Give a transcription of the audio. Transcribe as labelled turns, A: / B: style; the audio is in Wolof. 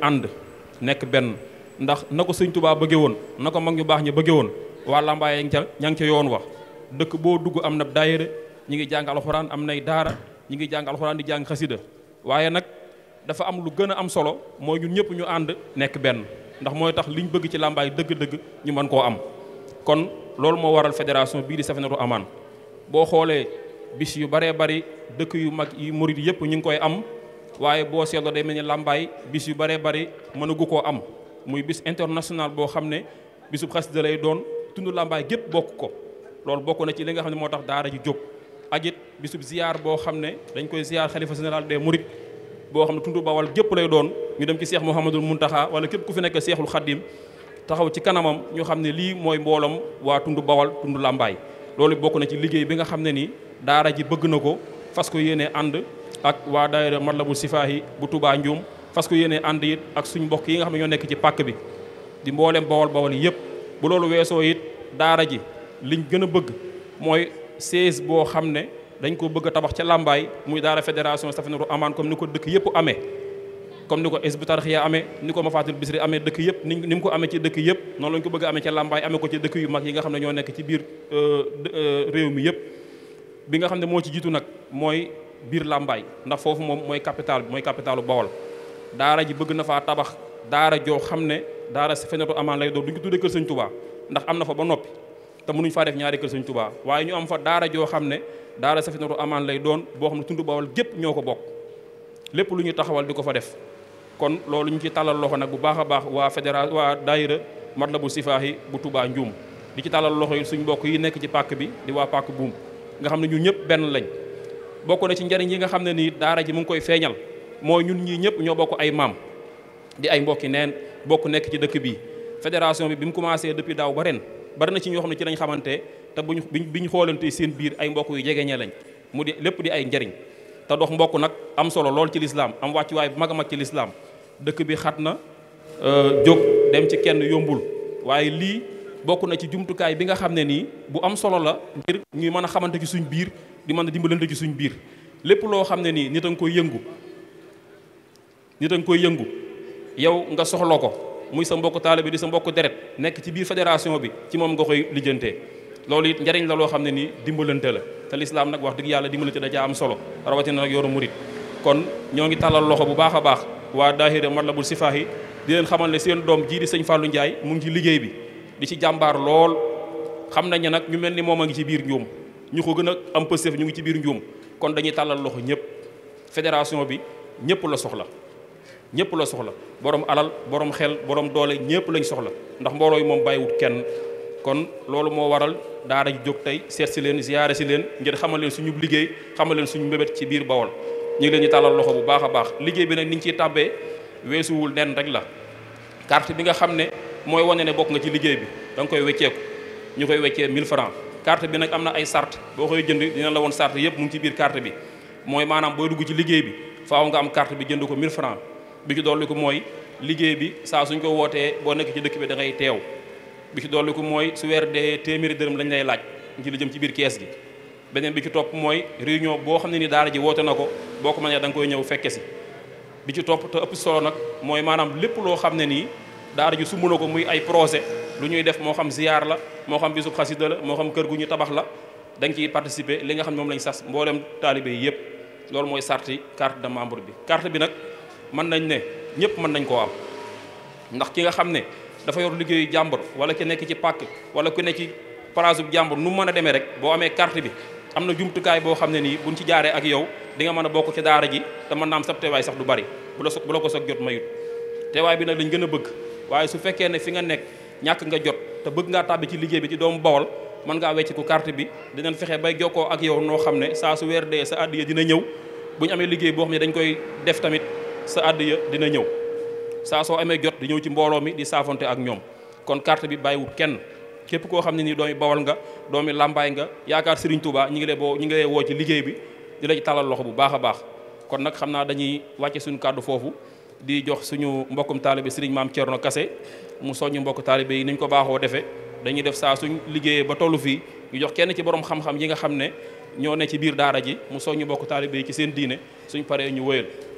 A: ànd nekk benn ndax na ko sëñ Tuubaa bëggee woon na ko mag ñu baax ñi bëggee woon waa Lambaye ña ña ngi ca yoon wax dëkk boo dugg am na daayira ñi ngi jàng alxuraan am nay daara ñi ngi jàng alxuraan di jàng xasida waaye nag dafa am lu gën a am solo mooy ñun ñëpp ñu ànd nekk benn ndax mooy tax liñ bëgg ci Lambaye dëgg-dëgg ñu mën koo am kon loolu moo waral fédération bii di Safinatoul Amaan boo xoolee bis yu baree bari dëkk yu mag yi murid yëpp ñu ngi koy am waaye boo seetloo day mel ni làmbaay bis yu bëree bëri mënagu koo am muy bis international boo xam ne bisub xasida lay doon tund làmbaay gépp bokk ko loolu bokk na ci li nga xam ne moo tax daara ji jóg ak it bisub boo xam ne dañ koy ziar xalifa général des mourides boo xam ne tund bawal gépp lay doon ñu dem ci seex Mouhamadul Muntaxa wala képp ku fi nekk seexul xaddim taxaw ci kanamam ñu xam ne lii mooy mbooloom waa tund bawal tund làmbaay loolu bokk na ci liggéey bi nga xam ne ni daara ji bëgg na ko fas ko yéene ànd ak waa daayira Matlabul Sifaahi bu tubaa Ndioum fas ko yéene ànd it ak suñ mbokk yi nga xam ne ñoo nekk ci pàkk bi di mboolem bawol bawol yëpp bu loolu weesoo it daara ji liñ gën a bëgg mooy siège boo xam ne dañ ko bëgg a tabax ca làmbaay muy daara fédération Safinatoul Amane comme ni ko dëkk yëpp amee comme ni ko Hizbut Tarqiyyah amee ni ko Mafatul Bisri amee dëkk yëpp ni ni mu ko amee ci dëkk yëpp noonu lañ ko bëgg ame amee ca làmbaay amee ko ci dëkk yu mag yi nga xam ne ñoo nekk euh, euh, réew mi yëpp bi nga xam ne moo ci jiitu nag mooy biir làmbaay ndax foofu moom mooy capital bi mooy capitalu Bawol daara ji bëgg na faa tabax daara joo xam ne daara si fenatu amaan lay doon du ñu tuddee kër sëñ Touba ndax na fa ba noppi te mënuñ faa def ñaari kër sëñ Touba waaye ñu am fa daara joo xam ne daara si fenatu amaan lay doon boo xam ne tund Bawol gépp ñoo ko bokk lépp lu ñu taxawal di ko fa def kon loolu ñu ci tàllal loxo nag bu baax a baax waa fédération waa daayira Matlaboul Chifahi bu bu tubaa njuum di ci tàllal loxo yi suñ mbokk yi nekk ci pàkk bi di waa pàkk buum nga xam ne ñu ñëpp benn lañ bokk na ci njëriñ yi nga xam ne nii daara ji mu ngi koy feeñal mooy ñun ñii ñëpp ñoo bokk ay maam di ay mbokki neen bokk nekk ci dëkk bi fédération bi bi mu commencé depuis daaw ba ren bari na ci ñoo xam ne ci lañ xamante te buñ bi ñu xoolante seen biir ay mbokk yu jegeñee lañ mu di lépp di ay njëriñ te dox mbokk nag am solo lool ci lislaam am wàccuwaay bu mag a mag ci lislaam dëkk bi xat na euh, jóg dem ci kenn yombul waaye lii bokk na ci jumtukaay bi nga xam ne nii bu am solo la ngir ñuy mën a xamante ci suñ biir di mën a dimbalante ci suñu biir lépp loo xam ne nii nit a nga koy yëngu nit a koy yëngu yow nga soxla ko muy sa mbokk taalibe di sa mbokk deret nekk ci biir fédération bi ci moom nga koy lijjantee loolu it njariñ la loo xam ne nii dimbalante la te lislaam nag wax dëgg yàlla dimbalante da caa am solo rawatina nag yoru murit kon ñoo ngi tàllal loxo bu baax a baax waa daahira Matlabul Sifaahi di leen xamal ne seen doom jii di sëñ Fallou njaay mu ngi ci liggéey bi di ci jàmbaar lool xam nañ nag ñu mel ni moom a ci biir ñoom ñu ko gën a am pëstef ñu ngi ci biir njuum kon dañuy tàllal loxo ñëpp fédération bi ñëpp la soxla ñëpp la soxla borom alal borom xel borom doole ñëpp lañ soxla ndax mbooloo yi moom bàyyiwut kenn kon loolu moo waral daara ji jóg tey seet si leen ziyaare si leen ngir xamal leen suñu liggéey xamal leen suñu mbébét ci biir Bawol ñu ngi leen di tàllal loxo bu baax a baax liggéey bi nag ni ñu ciy tàbbee weesuwul nen rek la carte bi nga xam ne mooy wane ne bokk nga ci liggéey bi da koy wecceeku ñu koy weccee 1000 francs carte bi nag am na ay sart boo koy jënd dina la woon sart yëpp mu ci biir carte bi mooy maanaam booy dugg ci liggéey bi faaw nga am carte bi jënd ko 1000 francs bi ci dolli ko mooy liggéey bi saa suñ ko wootee boo nekk ci da ngay teew bi ci dolli ko mooy su weer dee téeméeri dërëm lañ lay laaj ngi la jëm ci biir kees gi beneen bi ci topp mooy réunion boo xam ne ni daara ji woote na ko boo ko mënee da nga koy ñëw fekke si bi ci topp te ëpp solo nag mooy maanaam lépp loo xam ne nii daara ji su mëna ko muy ay projet lu ñuy def moo xam ziyaar la moo xam bisub xasida la moo xam kër gu ñu tabax la dañ ciy participer li nga xam ne moom lañ sas mbooleem taalibe yi yëpp loolu mooy sarti carte de membre bi carte bi nag mën nañ ne ñëpp mën nañ koo am ndax ki nga xam ne dafa yor liggéeyu jàmbur wala ki nekk ci pàkk wala ku nekk ci palaasu jàmbur nu mën a demee rek boo amee carte bi am na jumtukaay boo xam ne nii bu buñ ci jaaree ak yow di nga mën a bokk ci daara ji te mën naa am sax du bari bu la la ko soog jot mayut teewaay bi nag lañ gën a bëgg waaye su fekkee ne fi nga nekk ñàkk nga jot te bëgg ngaa tàbbi ci liggéey bi ci doomu bawal mën ngaa wecc ku carte bi dinañ fexe bay jokkoo ak yow noo xam ne saa su weer dee sa àddiya dina ñëw bu ñu amee liggéey boo xam ne dañ koy def tamit sa àddiya dina ñëw saa soo amee jot di ñëw ci mbooloo mi di ak ñoom kon carte bi bàyyiwut kenn képp koo xam ne nii doomi bawal nga doomi làmbaay nga yaakaar Serigne Touba ñu ngi lay boo ñi ngi lay woo ci liggéey bi di la ci loxo bu baax a baax kon nag xam naa dañuy wàcce suñu kàddu foofu di jox suñu mbokkum taalibe sëriñ maam Thierno Kase mu soññu mbokk taalibe yi ni ñu ko baaxoo defee dañuy def saa suñ liggéeyee ba tollu fii ñu jox kenn ci borom xam-xam yi nga xam ne ñoo ne ci biir daara ji mu soññu mbokk taalibe yi ci seen diine suñ paree ñu wëyal